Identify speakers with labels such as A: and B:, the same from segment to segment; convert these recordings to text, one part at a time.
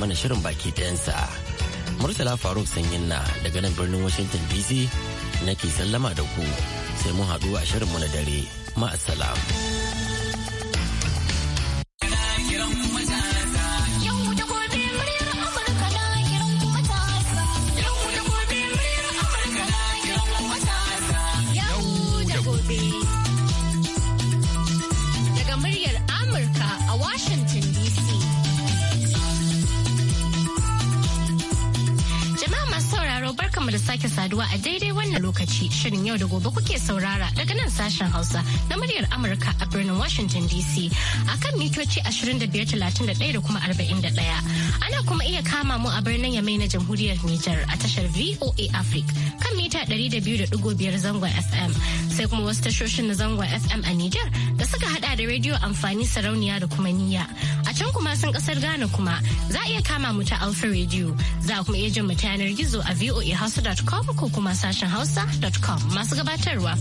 A: mana shirin baki ɗayansa. Murtala Faruk Sanyin na daga nan birnin Washington DC nake sallama da ku sai mun haɗu a shirinmu na dare. Ma'asalam.
B: saduwa a daidai wannan lokaci shirin yau da gobe kuke saurara daga nan sashen Hausa na muryar Amurka a birnin Washington DC akan mitoci 2531 da kuma 41. Ana kuma iya kama mu a birnin Yamai na Jamhuriyar Nijar a tashar VOA Africa kan mita 200.5 zangon FM sai kuma wasu tashoshin na zangon FM a Nijar da suka hada da rediyo amfani sarauniya da kuma niyya. A can kuma sun kasar Ghana kuma za a iya kama mu ta Alpha Radio za a kuma iya jin mu ta yanar gizo a voahausa.com ko kuma sashen hausa.com masu gabatarwa.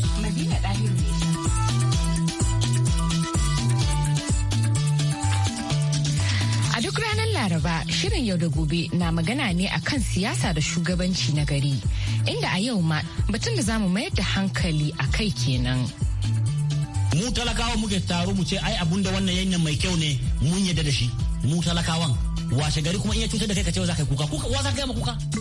B: A duk ranar Laraba shirin yau da gobe na magana ne akan siyasa da shugabanci na gari inda a yau ma batun da zamu mayar da hankali a kai kenan.
C: Mu talakawa muke taro mu ce ai abun da wannan yanyan mai kyau ne mun yadda da shi mu talakawan washe gari kuma in ya cutar da kai ka ce za ka kuka kuka wa za ka kuka.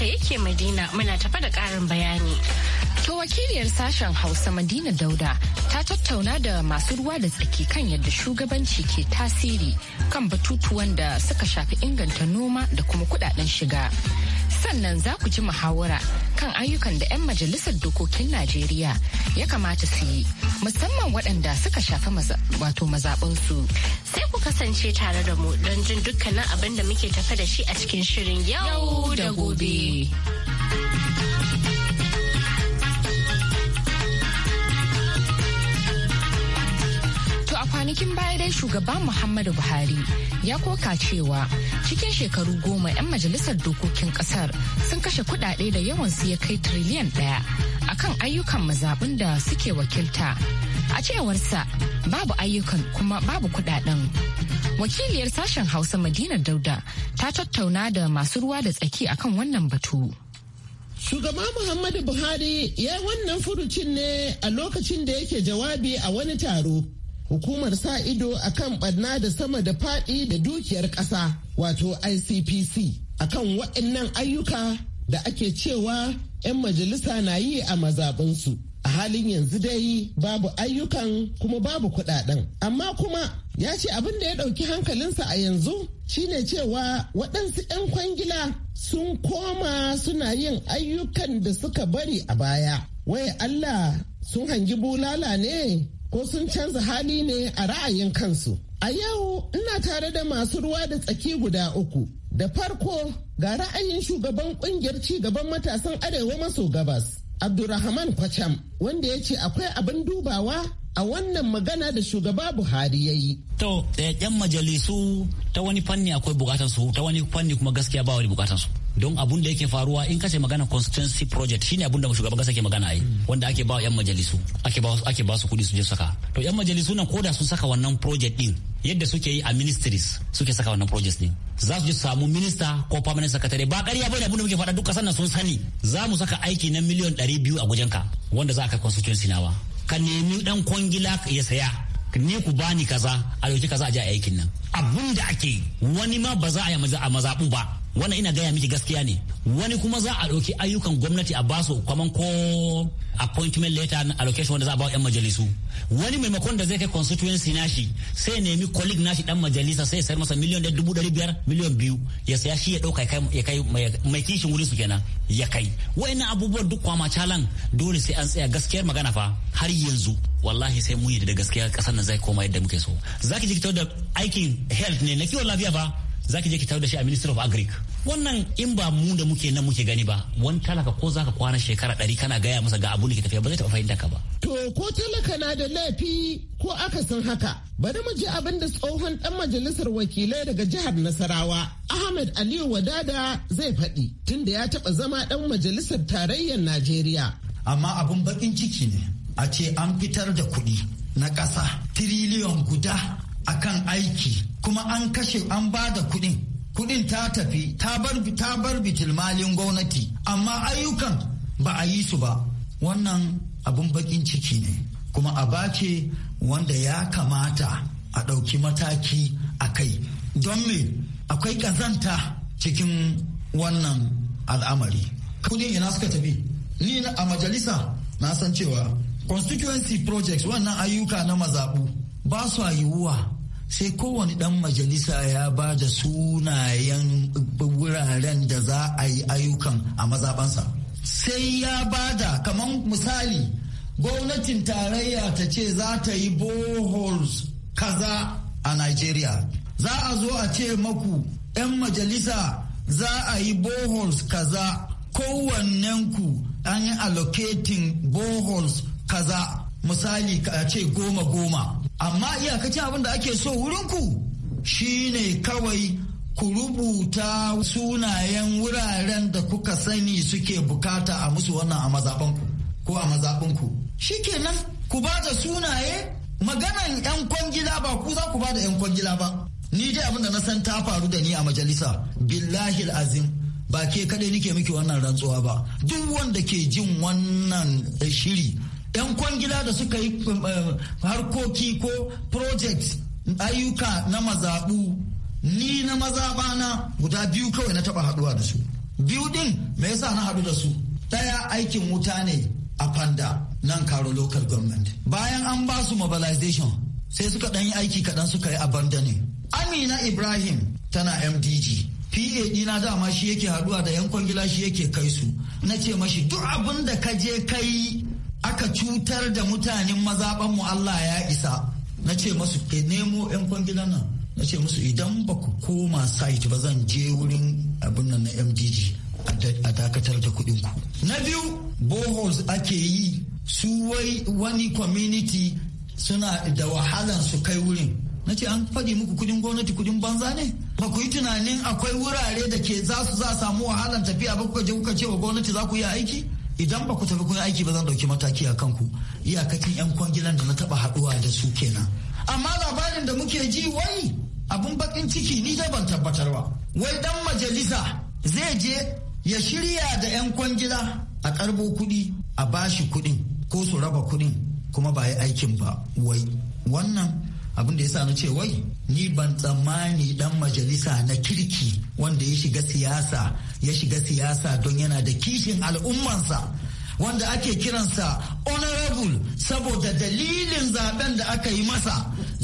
B: haka yake Madina muna tafa da karin bayani. To wakiliyar sashen Hausa Madina Dauda ta tattauna da masu ruwa da tsaki kan yadda shugabanci ke tasiri kan batutuwan da suka shafi inganta noma da kuma kudaden shiga. sannan za ku ji muhawara kan ayyukan da 'yan majalisar dokokin najeriya ya kamata su yi musamman waɗanda suka shafi wato mazaɓinsu sai ku kasance tare da mu don jin dukkanin abin da muke tafe da shi a cikin shirin yau da gobe. kwanakin baya dai shugaba muhammadu buhari ya koka cewa cikin shekaru goma 'yan majalisar dokokin kasar sun kashe kudade da yawansu ya kai triliyan daya akan ayyukan mazaɓin da suke wakilta a cewarsa babu ayyukan kuma babu kudaden wakiliyar sashen hausa madina dauda ta tattauna da masu ruwa da tsaki akan wannan batu
D: Shugaba Muhammadu Buhari ya yi wannan furucin ne a lokacin da yake jawabi a wani taro hukumar sa ido a kan barna da sama da faɗi da dukiyar ƙasa wato icpc kan waɗannan ayyuka da ake cewa 'yan majalisa na yi a mazaɓinsu a halin yanzu dai babu ayyukan kuma babu kuɗaɗen amma kuma ya ce abin da ya ɗauki hankalinsa a yanzu shine cewa waɗansu 'yan kwangila sun koma suna yin ayyukan da suka bari a baya wai allah sun hangi bulala ne ko sun canza hali ne a ra'ayin kansu. A yau ina tare da masu ruwa da tsaki guda uku. Da farko ga ra'ayin shugaban kungiyar ci gaban matasan arewa maso gabas. Abdurrahman Kwacham wanda ya ce akwai abin dubawa a wannan magana da shugaba Buhari ya yi.
C: To, yan majalisu ta wani fanni akwai bukatansu, ta wani fanni kuma gaskiya ba wani bukatansu. don abun da yake faruwa in kace magana constituency project shine abun da shugaban kasa ke magana ai hmm. wanda ake ba yan majalisu ake ba ake ba su kudi su je saka to yan majalisu nan koda sun saka wannan project din yadda suke yi a ministries suke saka wannan projects din za su je samu minista ko permanent secretary ba ƙarya bane abun da muke faɗa duk ƙasar nan sun sani za mu saka aiki na miliyan 200 a ka. wanda za ka constituency nawa ka nemi dan kwangila ya saya ni ku bani kaza a yauki kaza a je aikin nan abun da ake wani ma ba za a yi a mazaɓu ba wannan ina gaya miki gaskiya ne wani kuma za a ɗauki ayyukan gwamnati a basu kaman ko appointment letter and allocation wanda za a ba yan majalisu wani maimakon da zai kai constituency na shi sai nemi colleague shi dan majalisa sai sayar masa miliyan da dubu dari biyar miliyon biyu ya saya shi ya ɗauka ya kai mai kishin wuri su kenan ya kai wa'annan abubuwan duk kwama calan dole sai an tsaya gaskiyar magana fa har yanzu wallahi sai mun yi da gaskiya kasar na zai koma yadda muke so zaki ji da aikin health ne na kiwon lafiya fa Za ki je ki tarar da shi a ministry of agric wannan in ba mu da muke nan muke gani ba wani talaka ko zaka kwana shekara ɗari kana gaya masa ga abu da ke tafiya ba zai taɓa fahimta ka ba.
D: to ko talaka na da laifi ko akasin haka bari mu je abin da tsohon dan majalisar wakilai daga jihar nasarawa ahmed aliyu wadada zai faɗi tunda ya taɓa zama dan majalisar tarayyar najeriya.
E: amma abun bakin ciki ne a ce an fitar da kuɗi na ƙasa tiriliyon guda akan aiki kuma an kashe an ba da kuɗin kuɗin ta tafi ta bar bitilmalin gwamnati amma ayyukan ba a yi su ba wannan abun bakin ciki ne kuma a bace wanda ya kamata a ɗauki mataki a kai don me akwai ƙazanta cikin wannan al'amari kudin ina suka tafi ni a majalisa na san cewa constituency projects wannan ayyuka na mazaɓu ba su yiwuwa sai kowane dan majalisa ya ba da sunayen wuraren da za a yi ayyukan a mazabansa sai ya ba da kamar misali gwamnatin tarayya ta ce za ta yi boholes kaza a nigeria za a zo a ce maku 'yan majalisa za a yi boholes kaza kowannenku an yi allocating boholes kaza misali a ce goma goma amma iyakacin abin da ake so wurinku shine kawai ku rubuta sunayen wuraren da kuka sani suke bukata a musu wannan a mazaɓanku ko a mazaɓinku nan ku ba da sunaye maganan 'yan kwangila ba ku za ku ba da 'yan kwangila ba ni dai abin da na san ta faru da ni a majalisa billahi azim ba ke kaɗai nike miki wannan rantsuwa ba duk wanda ke jin wannan shiri 'yan kwangila da suka yi eh, harkoki ko project ayyuka na mazaɓu ni na mazaɓana guda biyu kawai na taɓa haɗuwa da su biyu ɗin me yasa na haɗu da su ɗaya aikin wuta ne a fanda nan karo local government bayan an ba su mobilization sai suka ɗan yi aiki kaɗan suka yi abandoning amina ibrahim tana mdg PA dina dama shi yake haɗuwa da yan kwangila shi yake kai su na ce mashi duk abin da ka je kai aka cutar da mutanen mazaban mu Allah ya isa na ce masu ke nemo 'yan kwangilan nan na ce musu idan ba ku koma site ba zan je wurin abin nan na mdg a dakatar da kuɗin ku na biyu boholes ake yi su wai wani community suna da wahalan su kai wurin na ce an faɗi muku kudin gwamnati kudin banza ne ba ku yi tunanin akwai wurare da ke za su za samu wahalan tafiya ba kuka je kuka ce wa gwamnati za ku yi aiki idan ba ku tafi kun aiki ba zan dauki mataki a kanku iyakacin yan kwangilan da na taba haduwa da su kenan amma labarin da muke ji wai abun bakin ciki ni da ban tabbatar ba wai dan majalisa zai je ya shirya da yan kwangila a karbo kudi a bashi kudin ko su raba kudin kuma ba yi aikin ba wai wannan abin da sa na ce wai ni ban tsammani dan majalisa na kirki wanda ya shiga siyasa ya shiga siyasa don yana da kishin al'ummansa wanda ake kiransa honorable saboda dalilin zaben da aka yi masa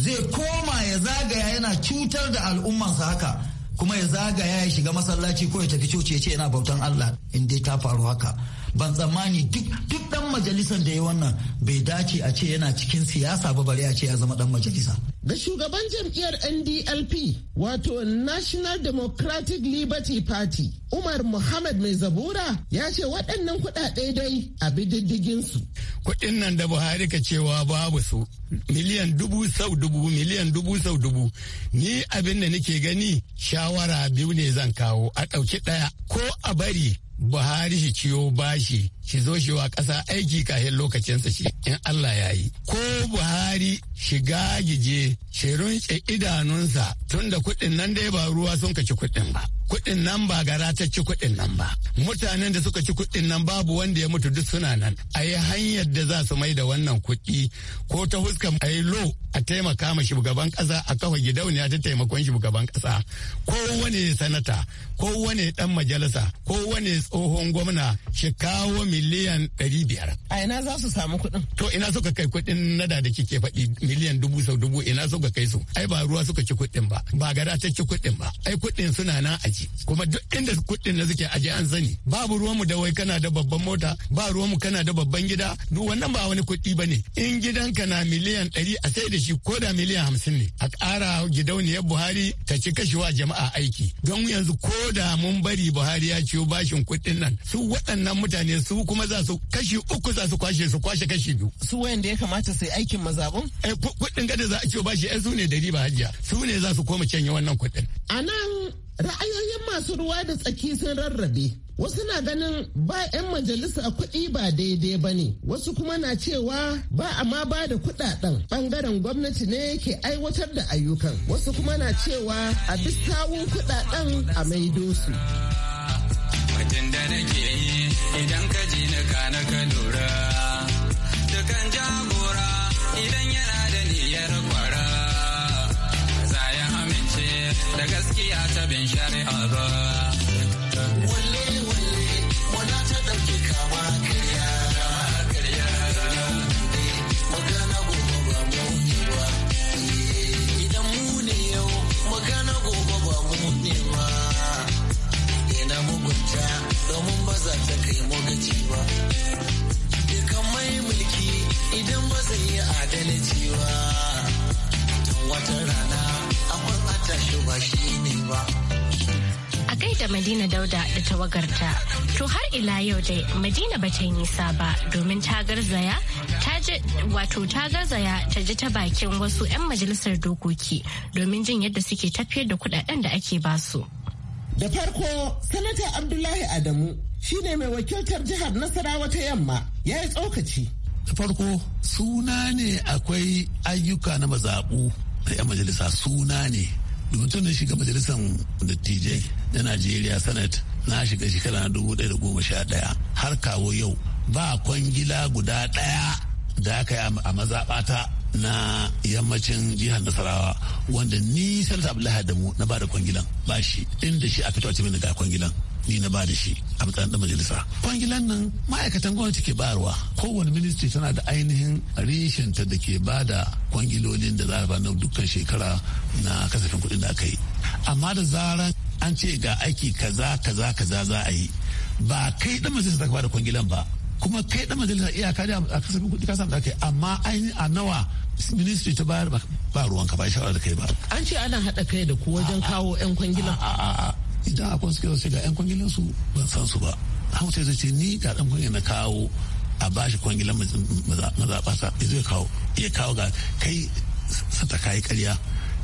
E: zai koma ya zagaya yana cutar da al'ummansa haka kuma ya zagaya ya shiga masallaci ko ya tafi coci ya ce yana bautan Allah in dai ta faru haka ban tsammani duk duk dan majalisar da ya wannan bai dace a ce yana cikin siyasa ba bare a ce ya zama dan
D: majalisa da shugaban jam'iyyar ndlp wato national democratic liberty party umar muhammad mai zabura ya ce waɗannan kuɗaɗe dai
F: a bididdigin su kuɗin nan da buhari ka cewa babu su miliyan dubu sau dubu miliyan dubu sau dubu ni abin da nake gani shawara biyu ne zan kawo a ɗauki ɗaya ko a bari Buhari shi ciyo bashi shi zo shi wa ƙasa aiki kahin lokacinsa shi in Allah ya yi. Ko Buhari shiga gije shi runce idanunsa tun da kuɗin nan dai ba ruwa sun kaci kuɗin ba. kuɗin nan ba gara ta ci kuɗin nan ba mutanen da suka ci kuɗin nan babu wanda ya mutu duk suna nan a yi hanyar da za su mai da wannan kuɗi ko ta huskar a yi lo a taimaka ma shugaban ƙasa a kafa gidauniya ta taimakon shugaban ƙasa ko wani sanata ko wani ɗan majalisa ko wani tsohon gwamna shi kawo miliyan ɗari biyar. a ina za su samu kuɗin. to ina suka kai kuɗin nada da kike faɗi miliyan dubu sau dubu ina suka kai su ai ba ruwa suka ci kuɗin ba ba gara ta ci kuɗin ba ai kuɗin suna nan a daji kuma duk inda kuɗin na suke aje an sani babu ruwanmu da wai kana da babban mota ba ruwanmu kana da babban gida duk wannan ba wani kuɗi ba ne in gidanka na miliyan ɗari a sai da shi ko da miliyan hamsin ne a ƙara gidauniyar buhari ta ci kashewa jama'a aiki don yanzu ko da mun bari buhari ya ciyo bashin kuɗin nan su waɗannan mutane su kuma za su kashi uku za su kwashe su kwashe kashi biyu su wayanda ya kamata su yi aikin mazabun eh, kuɗin gada za a ciyo bashi ai eh, su ne da riba hajiya su ne za su koma canye wannan kuɗin
D: a nan Ra'ayoyin masu ruwa da tsaki sun rarrabe. Wasu na ganin ba 'yan majalisa kuɗi ba daidai ba ne, wasu kuma na cewa ba a ma ba da kuɗaɗen ɓangaren gwamnati ne ke aiwatar da ayyukan, wasu kuma na cewa a bisawun kuɗaɗen a maido su.
G: idan ka ji na ka lura, kan jagora idan bin shari'a Walle walle wana ta ɗauke kama karya
A: karya magana gobe Idan mu ne yau magana gobe ba mu ne ba. Ina mugunta domin ba za ta kai mu gaci ba. Dukan mai mulki idan ba zai yi adalci ba.
E: Wata rana ta
B: a gaida Madina Dauda da tawagarta. To har ila yau dai Madina ba ta yi nisa ba domin ta garzaya wato ta garzaya ta ji ta bakin wasu 'yan majalisar dokoki domin jin yadda suke tafiyar da kudaden da ake ba su.
D: Da farko, Sanata Abdullahi Adamu shi ne mai wakiltar jihar Nasarawa ta yamma
H: ya yi tsokaci. Da farko, suna ne akwai ayyuka na mazaɓu da 'yan majalisa suna ne. domin da shiga majalisar dattijai na najeriya senate na shiga shekara na dubu ɗaya da goma sha ɗaya har kawo yau ba kwangila guda ɗaya da aka yi a mazaɓata na yammacin jihar nasarawa wanda ni sanata abdullahi adamu na ba da kwangilan ba shi inda shi a fito a cikin daga kwangilan ni na bada shi a matsayin da majalisa kwangilan nan ma'aikatan gwamnati ke bayarwa kowane ministry tana da ainihin ta da ke ba da kwangilolin da za a ba na dukkan shekara na kasafin kuɗin da aka yi amma da zarar an ce ga aiki kaza kaza kaza za a yi ba kai da majalisa ta ba kwangilan ba kuma kai da majalisa iyaka da a kasafin kuɗi kasa da aka yi amma ainihin a nawa ministry ta bayar ba ruwanka ba shawara da kai ba
D: an ce ana haɗa kai da ku wajen kawo 'yan kwangila
H: idan akwai suke zai ga 'yan kwangilan su ban san su ba hausa zai ce ni ga dan kwangilin na kawo a bashi kwangilan ya zai kawo ya kawo ga kai sata kayi karya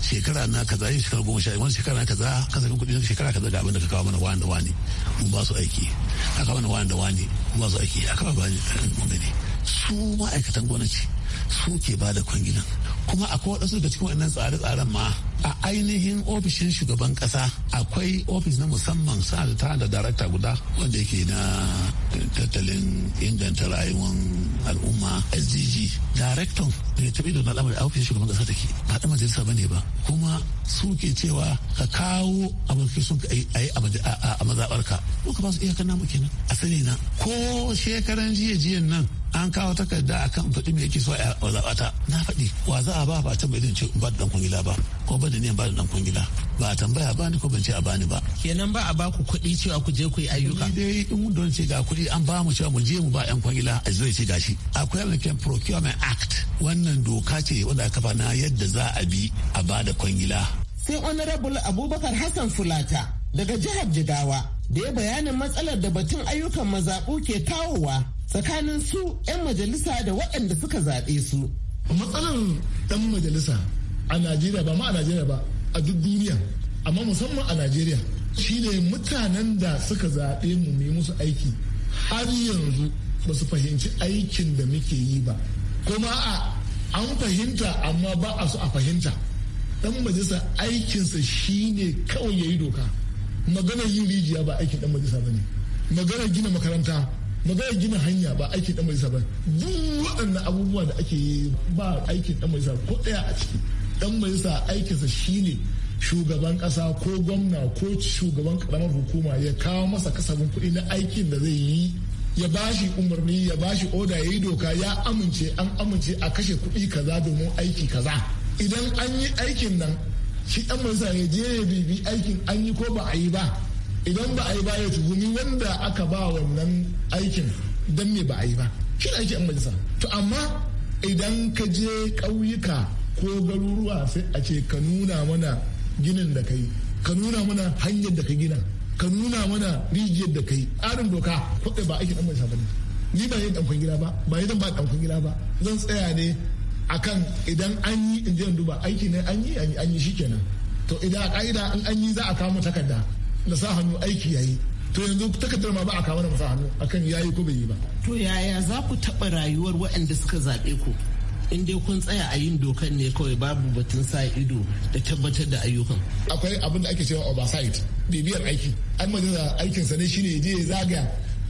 H: shekara na kaza yi shekara goma sha wani shekara na kaza kasafin kudi shekara kaza ga abin da ka kawo mana wani da wani mun ba su aiki ka kawo mana wani da wani mun ba su aiki a kafa ba mun su ma'aikatan gwamnati su ke ba da kwangilan kuma akwai wadansu daga cikin wannan tsare-tsaren ma a ainihin ofishin shugaban kasa akwai ofis na musamman sa da darakta guda wanda yake na tattalin inganta rayuwar al'umma sdg daraktan da ya taɓi da na a ofishin shugaban kasa take ba da majalisa ne ba kuma su ke cewa ka kawo abokin sun a yi a mazaɓar ka ba su iyakar namu kenan a sani na ko shekaran jiya jiyan nan an kawo takarda akan faɗi me yake so a zaɓata na faɗi wa za a ba ba ta mai ce ba da ɗan kungila ba ko ba da ne ba da kun gida ba a tambaya ba ni ko ban ce a bani ba kenan ba a baku kuɗi cewa ku je ku yi ayyuka dai in don ce ga kuɗi an ba mu cewa mu je mu ba yan kwangila a zai ce gashi akwai American Procurement Act wannan doka ce wanda aka na yadda za a bi a ba da kwangila
D: sai honorable Abubakar Hassan Fulata daga jihar Jigawa da ya bayanin matsalar da batun ayyukan mazaɓu ke kawowa tsakanin su 'yan majalisa da waɗanda suka zaɓe su. Matsalar ɗan majalisa
I: a najeriya ba ma a najeriya ba a duk duniya amma musamman a najeriya shine mutanen da suka zaɓe mu mu musu aiki har yanzu ba su fahimci aikin da muke yi ba kuma a an fahimta amma ba a su a fahimta dan majalisa aikinsa shine kawai ya yi doka magana yin rijiya ba aikin dan majalisa ba ne magana gina makaranta magana gina hanya ba aikin dan majalisa ba duk waɗannan abubuwa da ake yi ba aikin dan majalisa ko ɗaya a ciki dan majalisa aikinsa shine shugaban kasa ko gwamna ko shugaban karamar hukuma ya kawo masa kasafin kuɗi na aikin da zai yi ya bashi umarni ya bashi oda ya yi doka ya amince an amince a kashe kuɗi kaza domin aiki kaza idan an yi aikin nan shi dan majalisa ya je ya bibi aikin an yi ko ba a yi ba idan ba a yi ba ya tuhumi wanda aka ba wannan aikin dan me ba a yi ba shi aiki an majalisa to amma idan ka je ƙauyuka ko garuruwa sai a ce ka nuna mana ginin da kai ka nuna mana hanyar da ka gina ka nuna mana rijiyar da kai tsarin doka kwaɗai ba aikin ɗan bane ni ba yin ɗanfan gida ba ba yi zan ba ɗanfan gida ba zan tsaya ne akan idan an yi in je duba aiki ne an yi an yi shikenan to idan a ka'ida in an yi za a kama takarda na sa hannu aiki ya yi to yanzu takardar ma ba a kama da masa hannu akan yayi ko bai yi ba
D: to yaya za ku taɓa rayuwar waɗanda suka zaɓe ku in dai kun tsaya a yin dokan ne kawai babu batun sa ido da tabbatar da ayyukan akwai abin da ake cewa oversight bibiyar aiki
I: an majalisa aikinsa ne shine je zaga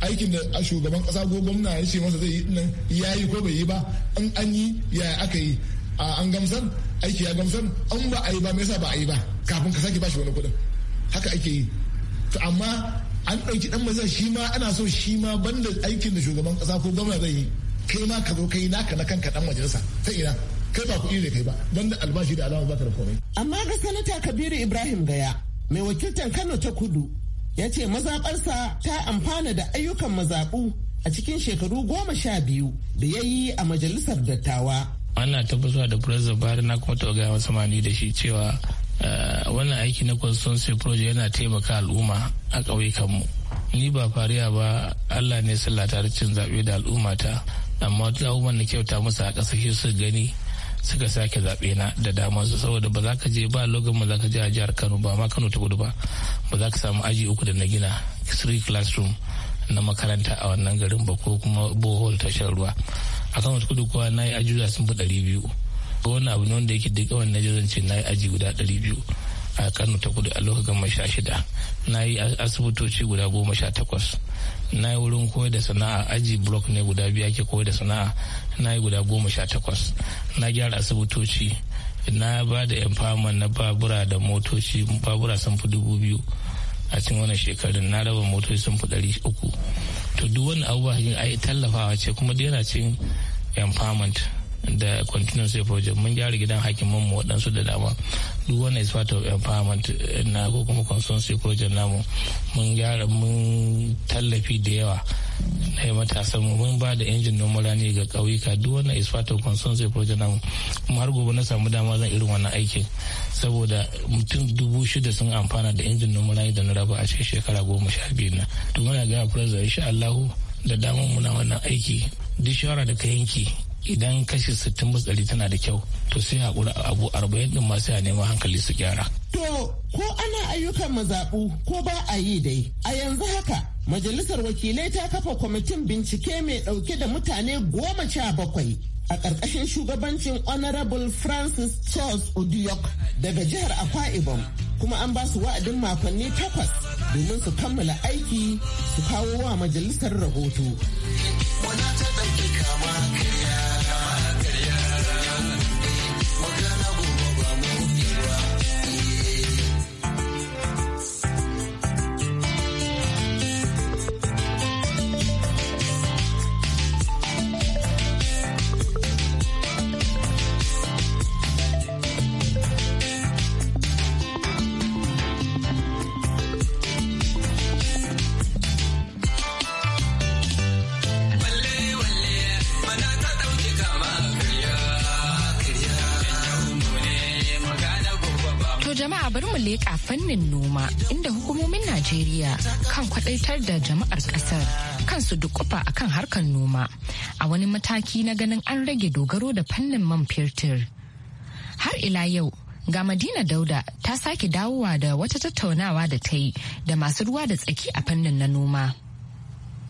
I: aikin da a shugaban kasa ko gwamna ya ce masa zai yi nan ya yi ko bai yi ba in an yi ya aka yi an gamsar aiki ya gamsar an ba a yi ba me yasa ba a yi ba kafin ka sake bashi wani kuɗin haka ake yi to amma an ɗauki ɗan majalisa shi ma ana so shi ma banda aikin da shugaban kasa ko gwamna zai yi kai ma ka zo kai naka na kanka dan majalisa ta ina kai ba kuɗi ne kai ba don da albashi da alama ba ta da komai.
D: amma ga sanata kabiru ibrahim gaya mai wakiltar kano ta kudu ya ce mazaɓarsa ta amfana da ayyukan mazaɓu a cikin shekaru goma sha biyu da ya yi a majalisar dattawa.
G: ana tabbatar da Firas bari na kuma taɓa gaya samani da shi cewa eh, wannan aiki na constituency project yana taimaka al'umma a ƙauyukanmu. ni ba fariya ba allah ne sallah ta cin zaɓe da al'ummata amma wata abubuwan na kyauta musu a ƙasashe su gani suka sake zaɓe na da dama su saboda ba za ka je ba logan ba za ka je a jihar kano ba ma kano ta gudu ba ba za ka samu aji uku da na gina three classroom na makaranta a wannan garin ba ko kuma bohol tashar ruwa a kano ta kudu kuwa na yi ajuza sun fi ɗari biyu wani abu ne wanda yake duk wannan jazance na yi aji guda ɗari biyu a kano ta kudu a lokacin gama sha shida na yi asibitoci guda goma sha takwas na yi wurin koyar da sana'a aji block ne guda biya ke koyar da sana'a na yi guda goma sha takwas na gyara asibitoci na ba da empowerment na babura da motoci babura sun fi dubu biyu a cikin wannan shekarun na raba motoci sun fi ɗari uku to duk wani abubuwa a yi tallafawa ce kuma yana cin empowerment da sai project mun gyara gidan hakimin mu waɗansu da dama duk wanda is part of empowerment eh, na ko kuma consultancy project namu mun gyara mun tallafi da yawa na matasan mu mun ba da injin noman rani ga ƙauyuka duk wani is part of consultancy project namu kuma har gobe na samu dama zan irin wannan aikin saboda mutum dubu shida sun amfana da injin noman rani da na raba a cikin shekara goma sha biyu na to muna ga president insha Allahu da damar muna wannan aiki duk shawara da ka yanki idan kashi sittin bisa tana da kyau to sai haƙura abu arba'in ɗin ma sai a neman hankali su gyara.
D: To ko ana ayyukan mazaɓu ko ba a yi dai a yanzu haka majalisar wakilai ta kafa kwamitin bincike mai ɗauke da mutane goma sha bakwai a ƙarƙashin shugabancin honorable francis charles udiok daga jihar akwa ibom kuma an ba su wa'adin makonni takwas domin su kammala aiki su kawo wa majalisar rahoto.
B: Najeriya kan kwadaitar da jama'ar kasar kansu dukufa kan harkar noma a wani mataki na ganin an rage dogaro da fannin man fetur. Har ila yau ga Madina Dauda ta sake dawowa da wata tattaunawa da ta yi da masu
D: ruwa da tsaki a fannin na noma.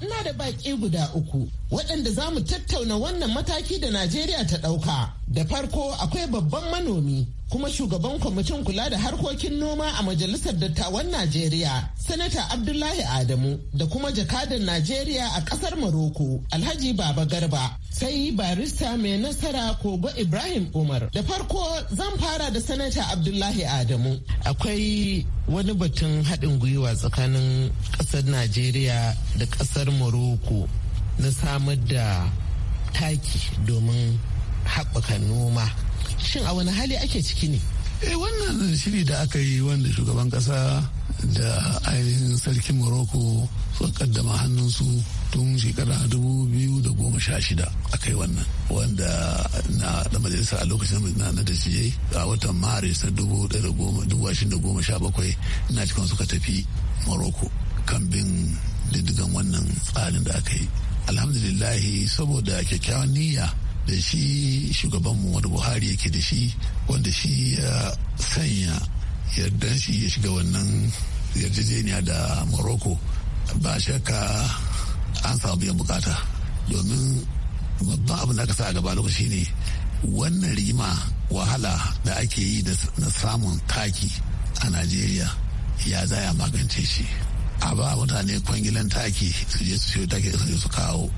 D: ina da baƙi guda uku waɗanda za mu tattauna wannan mataki da Najeriya ta ɗauka. Da farko akwai babban manomi kuma shugaban kwamitin kula da harkokin noma a majalisar dattawan Najeriya, Sanata Abdullahi Adamu da kuma jakadan Najeriya a ƙasar Maroko, Alhaji Baba Garba, sai barista mai nasara Kogo Ibrahim Umar. Da farko zan fara da Sanata Abdullahi Adamu. Akwai wani batun haɗin gwiwa tsakanin ƙasar Najeriya da ƙasar Maroko na samar da taki domin haɓaka noma. shin a wani hali ake
H: ciki ne eh wannan shiri da aka yi wanda shugaban kasa da ainihin sarkin morocco su kaddama hannunsu tun shekara dubu biyu da goma sha shida aka yi wannan wanda na da majalisa a lokacin na na da ciye a watan maris na dubu da goma sha bakwai na cikin suka tafi morocco kan bin diddigan wannan tsarin da aka yi alhamdulillahi saboda kyakkyawan niyya da shi shugaban wani buhari yake da shi wanda shi ya sanya yardan shi ya shiga wannan yarjejeniya da morocco ba shakka an samu biyan bukata domin babban abin da aka sa a gaba lokaci ne wannan rima wahala da ake yi na samun taki a najeriya ya zaya magance shi a ba mutane kwangilan taki su je su siyo taki su kawo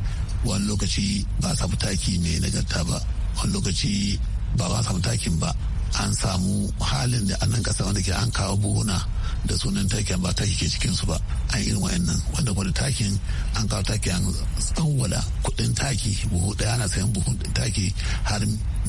H: wani lokaci ba a samu taki mai nagarta ba wani lokaci ba ba samu takin ba an samu halin da anan kasa wanda ke an kawo buhuna da sunan takin ba taki ke cikin su ba an yi irin nan wanda kuma takin an kawo taki an tsawwala kudin taki buhu daya ana sayan buhun taki har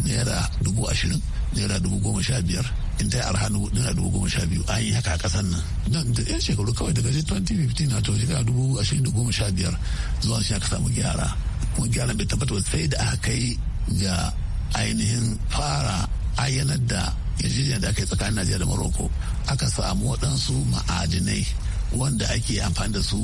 H: naira dubu ashirin naira dubu goma sha biyar in ta yi arha naira dubu goma sha biyu an yi haka a kasan nan nan da yan shekaru kawai daga 2015 na to shekara dubu ashirin da goma sha biyar zuwa shi aka samu gyara kuma gyara bai tabbata sai da aka kai ga ainihin fara ayyanar da yarjejeniya da aka yi tsakanin najeriya da morocco aka samu waɗansu ma'adinai wanda ake amfani da su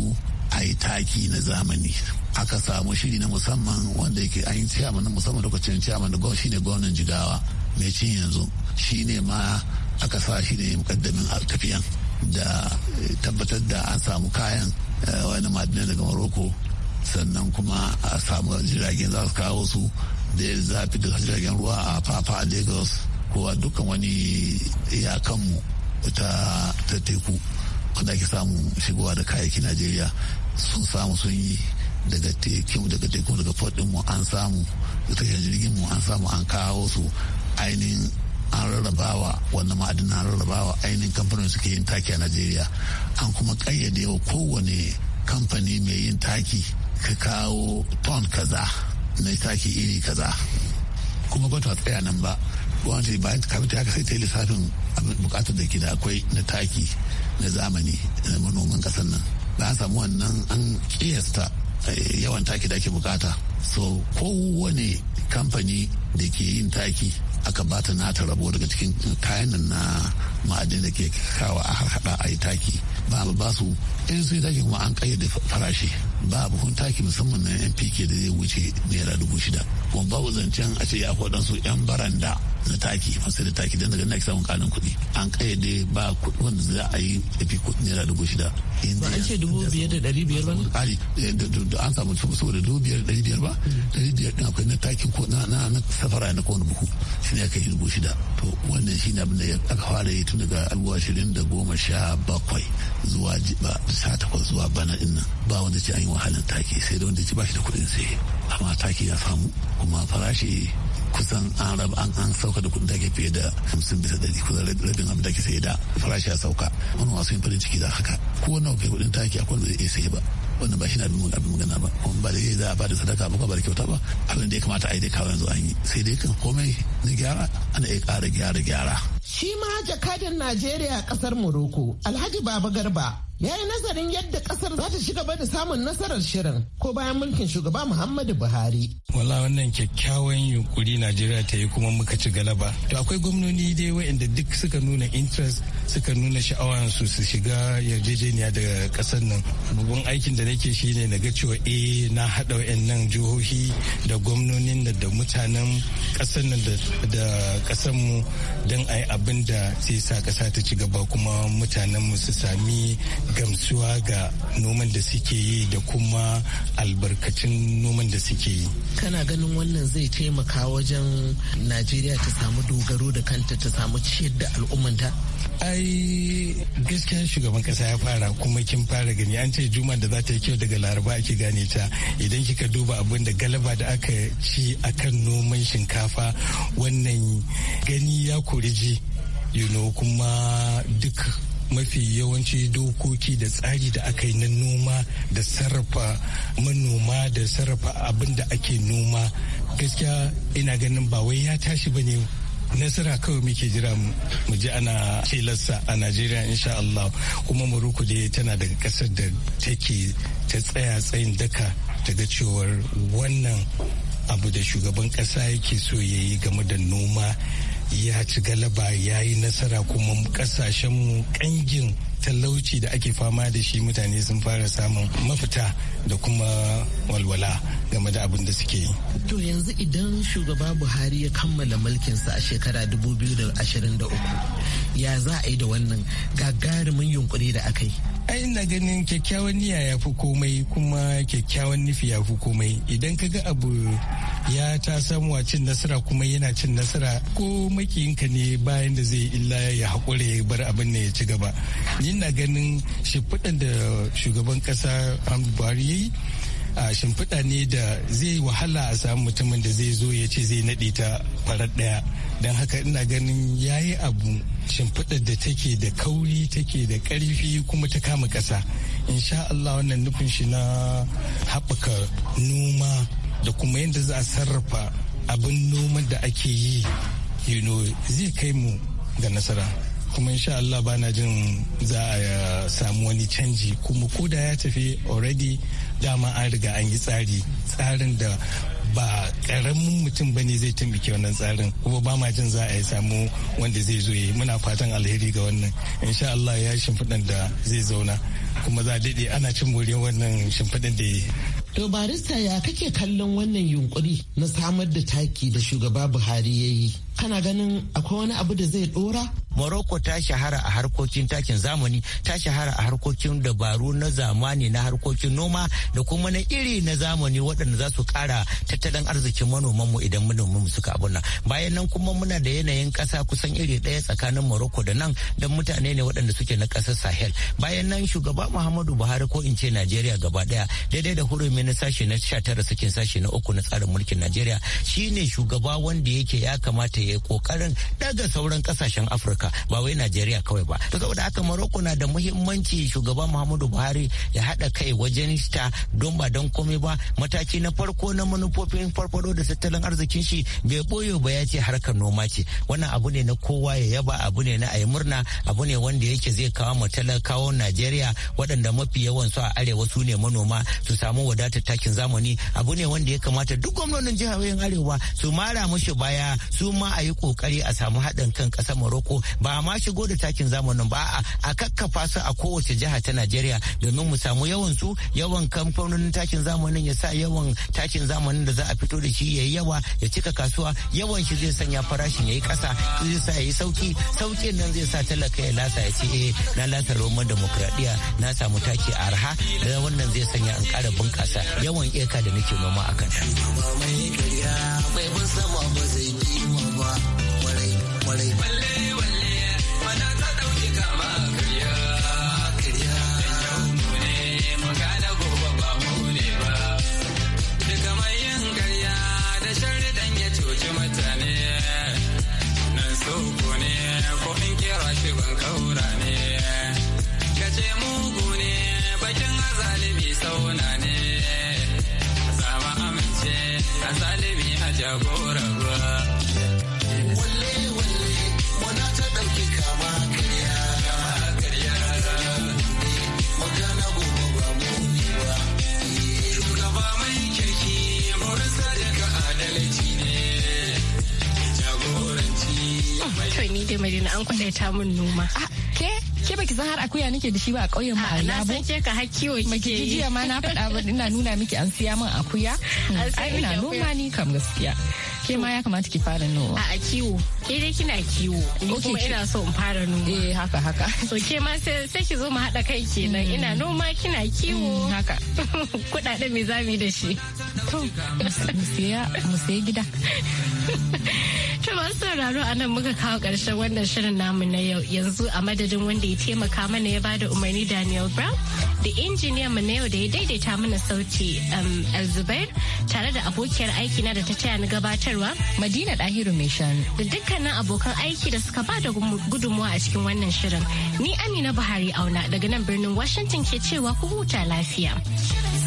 H: a yi taki na zamani aka samu shiri na musamman wanda yake ainihin yi ciyaman na musamman lokacin ciyaman da shine gwamnan jigawa mai cin yanzu shine ma aka sa shi ne mukaddamin alkafiyan da eh, tabbatar da an samu kayan eh, wani madina daga maroko sannan kuma a samu jiragen za su kawo su da ya zafi da jiragen ruwa a fafa a lagos ko a dukkan wani iyakanmu ta teku wanda ake samu shigowa da kayayyaki najeriya sun samu sun yi daga teku daga teku daga fadin mu an samu tashar jirgin mu an samu an kawo su ainihin an rarrabawa wannan ma'adina an rarrabawa ainihin kamfanin suke yin taki a najeriya an kuma kayyade wa kowane kamfani mai yin taki ka kawo ton kaza na taki iri kaza kuma ba ta tsaya nan ba gwamnati bayan kafin ta haka ta yi lissafin bukatar da ke da akwai na taki na zamani na manoman kasar nan ba a samu wannan an kiyasta Eh, yawan taki da ake bukata so kowane kamfani da ke yin taki aka bata nata rabo daga cikin kayan na ma'adin da ke kawo a harhaɗa a yi taki ba ba su in sun yi taki kuma an kayyade farashi ba buhun taki musamman na npk da zai wuce naira dubu shida kuma babu zancen a ce ya waɗansu yan baranda na taki masu da taki don daga na samun kanin kuɗi an kayyade ba kuɗi wanda za a yi tafi kuɗi naira dubu shida. ba an ce dubu biyar da ɗari biyar ba ali eh, an samu saboda dubu biyar da ɗari biyar ba ɗari biyar ɗin akwai na taki ko na na safara na kowane buhu shi ne aka yi dubu shida to wannan shi ne abin aka fara yi tun daga abubuwa da goma sha bakwai zuwa ba sha takwas zuwa bana ɗin nan ba wanda ce an yi wahalar taki sai da wanda ce ba shi da kuɗin sai amma taki ya samu kuma farashi kusan an raba an an sauka da kudin da ke fiye da hamsin bisa ɗari kusan rabin abin da ke sai da farashi ya sauka Wani wasu yin farin ciki da haka ko wani kai kudin taki akwai da zai sai ba Wani ba shi na abin abin magana ba kuma ba dai za a bada sadaka ba ba kyauta ba abin da ya kamata a yi dai kawo yanzu an yi sai dai kan komai na gyara ana iya ƙara gyara gyara.
D: shi ma jakadin najeriya kasar ƙasar morocco alhaji baba garba ya yi nazarin yadda kasar za ta ci gaba da samun nasarar shirin ko bayan mulkin shugaba muhammadu buhari
J: wala wannan kyakkyawan yunkuri najeriya ta yi kuma muka ci galaba to akwai gwamnoni dai waɗanda duk suka nuna interest suka nuna sha'awar su su shiga yarjejeniya da kasar nan babban aikin da nake shine na ga cewa eh na haɗa wayannan jihohi da gwamnonin da mutanen kasar nan da kasar mu don yi abin da zai sa kasa ta ci gaba kuma mutanen mu su sami gamsuwa ga noman da suke yi da kuma albarkacin noman da suke yi
D: kana ganin wannan zai taimaka wajen najeriya ta samu dogaro da kanta ta samu
J: ciyar da al'ummanta ai gaskiya shugaban kasa ya fara kuma kin fara gani an ce juma da za ta yi kyau daga laraba ake gane ta idan kika duba abin da galaba da aka ci akan noman shinkafa wannan gani ya kuriji you know kuma duk mafi yawanci dokoki da tsari da aka yi na noma da sarrafa manoma da sarrafa abin da ake noma gaskiya ina ganin ba wai ya tashi ba ne nasara kawai muke jira mu ji ana tilarsa a najeriya insha Allah kuma maroko dai tana daga kasar da take ta tsaya tsayin daka daga ga cewar wannan abu da shugaban kasa yake so ya yi game da noma ya ci galaba ya yi nasara kuma kasashenmu kangin talauci da ake fama da shi mutane sun fara samun mafita da kuma walwala game da abin da suke yi.
D: To yanzu idan shugaba Buhari ya kammala mulkinsa a shekara 2023 ya za a yi da wannan gagarumin yunkuri da aka yi.
J: ai na ganin kyakkyawan niyya ya fi komai kuma kyakkyawan nufi ya fi komai idan ka ga abu ya ta samuwa cin nasara kuma yana cin nasara ko makiyinka ne bayan da zai illa ya haƙura ya bar abin ne ya ci gaba na ganin shi da shugaban ƙasa hamdu buhari a shimfiɗa ne da zai wahala a samu mutumin da zai zo ya ce zai naɗe ta farar ɗaya don haka ina ganin ya yi abu shimfiɗar da take da kauri take da ƙarfi kuma ta kama ƙasa insha Allah wannan nufin shi na haɓaka noma da kuma yadda za a sarrafa abin noma da ake yi zai kai mu ga nasara kuma insha Allah bana jin za a samu wani canji kuma ko da ya tafi already dama an riga an yi tsari tsarin da ba karamin mutum ba ne zai taimake wannan tsarin kuma ba ma jin za a yi samu wanda zai zo yi muna fatan alheri ga wannan insha Allah ya shimfiɗan da zai zauna kuma za daɗe ana cin buri wannan shimfiɗan da ya
D: To barista ya kake kallon wannan yunkuri na samar da taki da shugaba Buhari ya yi? kana ganin akwai wani abu da zai dora?
A: Morocco ta shahara a harkokin takin zamani, ta shahara a harkokin dabaru na zamani na harkokin noma da kuma na iri na zamani waɗanda za su ƙara tattalin arzikin manomanmu idan manomanmu suka abunna. Bayan nan kuma muna da yanayin ƙasa kusan iri ɗaya tsakanin Morocco da nan don mutane ne waɗanda suke na ƙasar Sahel. Bayan nan shugaba Muhammadu Buhari ko in ce Najeriya gaba ɗaya daidai da hurumi na sashe na 19 sakin sashe na uku na tsarin mulkin Najeriya shine shugaba wanda yake ya kamata ta yi kokarin daga sauran kasashen afirka ba wai najeriya kawai ba to saboda haka maroko na da muhimmanci shugaban muhammadu buhari ya haɗa kai wajen ta don ba don komai ba mataki na farko na manufofin farfado da tattalin arzikin shi bai boye ba ya ce harkar noma ce wannan abu ne na kowa ya yaba abu ne na ayi murna abu ne wanda yake zai kawo mu talakawan najeriya waɗanda mafi yawan su a arewa su ne manoma su samu wadatar takin zamani abu ne wanda ya kamata duk gwamnonin jihar arewa su mara mushi baya su ma a yi kokari a samu haɗin kan ƙasar Morocco ba ma shigo da takin zamanin ba a kakkafa su a kowace jiha ta Najeriya domin mu samu yawan su yawan kamfanonin takin zamanin ya sa yawan takin zamanin da za a fito da shi yayi yawa ya cika kasuwa yawan shi zai sanya farashin yayi ƙasa zai sa yayi sauki saukin nan zai sa talaka ya lasa ya ce eh na lasa roman demokradiya na samu taki a arha da wannan zai sanya an ƙara bunƙasa yawan eka da nake noma akan. kan. gaba kwarai kwarai balle balle mana ta dauke kama karya karya yau mu
G: ne gane gobe ba mu ne ba Daga mai yin karya da sharri dan ya cuci mutane nan so ko ne ko in kira shi ban kaura ne kace mugu ne bakin azalimi sauna ne zama amince azalimi a jagora ba
B: an kwadaita min noma. Ah, ke? Ke baki san har akuya nake da shi ba a ƙauyen ba a ah, Na san ke ka har ke. Maki yi. jiya ma na faɗa ba ina nuna miki an siya min akuya. Ai ina noma ni kam gaskiya. Ke ma ya kamata ki fara noma. Ah, a kiwo. Ke dai kina kiwo. Ni kuma ina so in fara noma. Eh haka haka. So ke ma sai ki zo mu haɗa kai kenan ina mm. noma kina kiwo. Mm, haka. Kuɗaɗen me za mu yi da shi. To mu siya gida. sauraro a nan muka kawo ƙarshen wannan shirin namu na yau yanzu a madadin wanda ya taimaka mana ya bada umarni Daniel Brown da injiniyan mu na yau da ya daidaita mana sauti um, tare da abokiyar aiki na da ta taya ni gabatarwa Madina Dahiru mai shanu da dukkanin abokan aiki da suka ba da gudunmuwa a cikin wannan shirin ni Amina Buhari Auna daga nan birnin Washington ke cewa ku huta lafiya.